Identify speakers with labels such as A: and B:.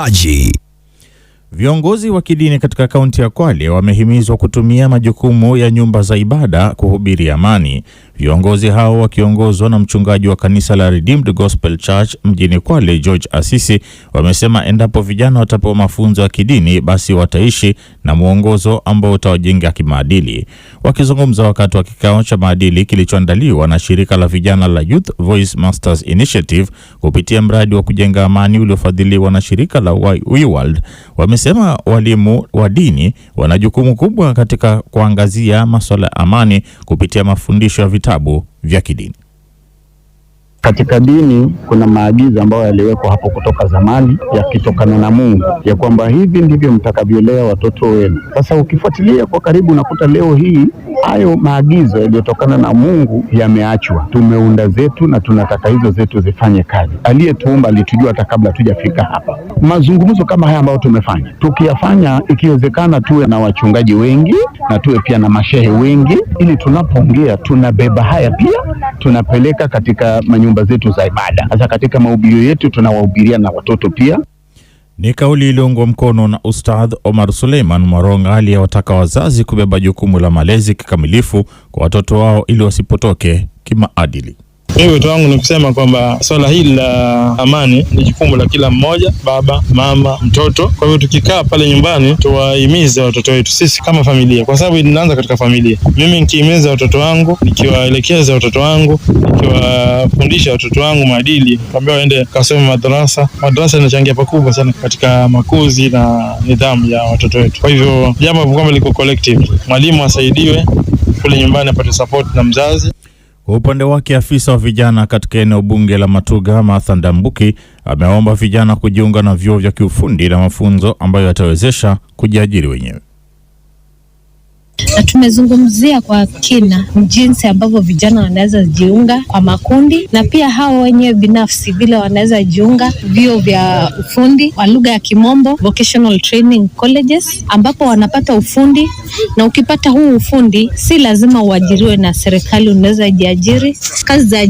A: mahitaji. Viongozi wa kidini katika kaunti ya Kwale wamehimizwa kutumia majukumu ya nyumba za ibada kuhubiri amani. Viongozi hao wakiongozwa na mchungaji wa kanisa la Redeemed Gospel Church mjini Kwale, George Asisi, wamesema endapo vijana watapewa mafunzo ya kidini, basi wataishi na mwongozo ambao utawajenga kimaadili. Wakizungumza wakati wa kikao cha maadili kilichoandaliwa na shirika la vijana la Youth Voice Masters Initiative kupitia mradi wa kujenga amani uliofadhiliwa na shirika la WeWorld, wamesema walimu wa dini wana jukumu kubwa katika kuangazia masuala ya amani kupitia mafundisho ya vitabu vya kidini.
B: Katika dini kuna maagizo ambayo yaliwekwa hapo kutoka zamani yakitokana na Mungu ya kwamba hivi ndivyo mtakavyolea watoto wenu. Sasa ukifuatilia kwa karibu, unakuta leo hii hayo maagizo yaliyotokana na Mungu yameachwa, tumeunda zetu na tunataka hizo zetu zifanye kazi. Aliyetuumba alitujua hata kabla hatujafika hapa. Mazungumzo kama haya ambayo tumefanya, tukiyafanya, ikiwezekana tuwe na wachungaji wengi na tuwe pia na mashehe wengi, ili tunapoongea tunabeba haya pia tunapeleka katika manyumba zetu za ibada, hasa katika mahubiri yetu tunawahubiria na watoto pia.
A: Ni kauli iliyoungwa mkono na Ustadh Omar Suleiman Mwaronga aliyewataka wazazi kubeba jukumu la malezi kikamilifu kwa watoto wao ili wasipotoke kimaadili.
C: Mimi wito wangu ni kusema kwamba swala hili la amani ni jukumu la kila mmoja, baba, mama, mtoto. Kwa hivyo tukikaa pale nyumbani, tuwahimize watoto wetu sisi kama familia, kwa sababu inaanza katika familia. Mimi nikihimiza watoto wangu, nikiwaelekeza watoto wangu, nikiwafundisha watoto wangu maadili, kwambia waende kasome madarasa. Madarasa inachangia pakubwa sana katika makuzi na nidhamu ya watoto wetu. Kwa hivyo jambo kwamba liko collective, mwalimu asaidiwe kule nyumbani apate support na mzazi.
A: Kwa upande wake afisa wa vijana katika eneo bunge la Matuga, Martha Ndambuki, ameomba vijana kujiunga na vyuo vya kiufundi na mafunzo ambayo yatawezesha kujiajiri wenyewe
D: na tumezungumzia kwa kina jinsi ambavyo vijana wanaweza jiunga kwa makundi na pia hao wenyewe binafsi vile wanaweza jiunga vio vya ufundi wa lugha ya Kimombo, vocational training colleges, ambapo wanapata ufundi, na ukipata huu ufundi si lazima uajiriwe na serikali, unaweza jiajiri kazi za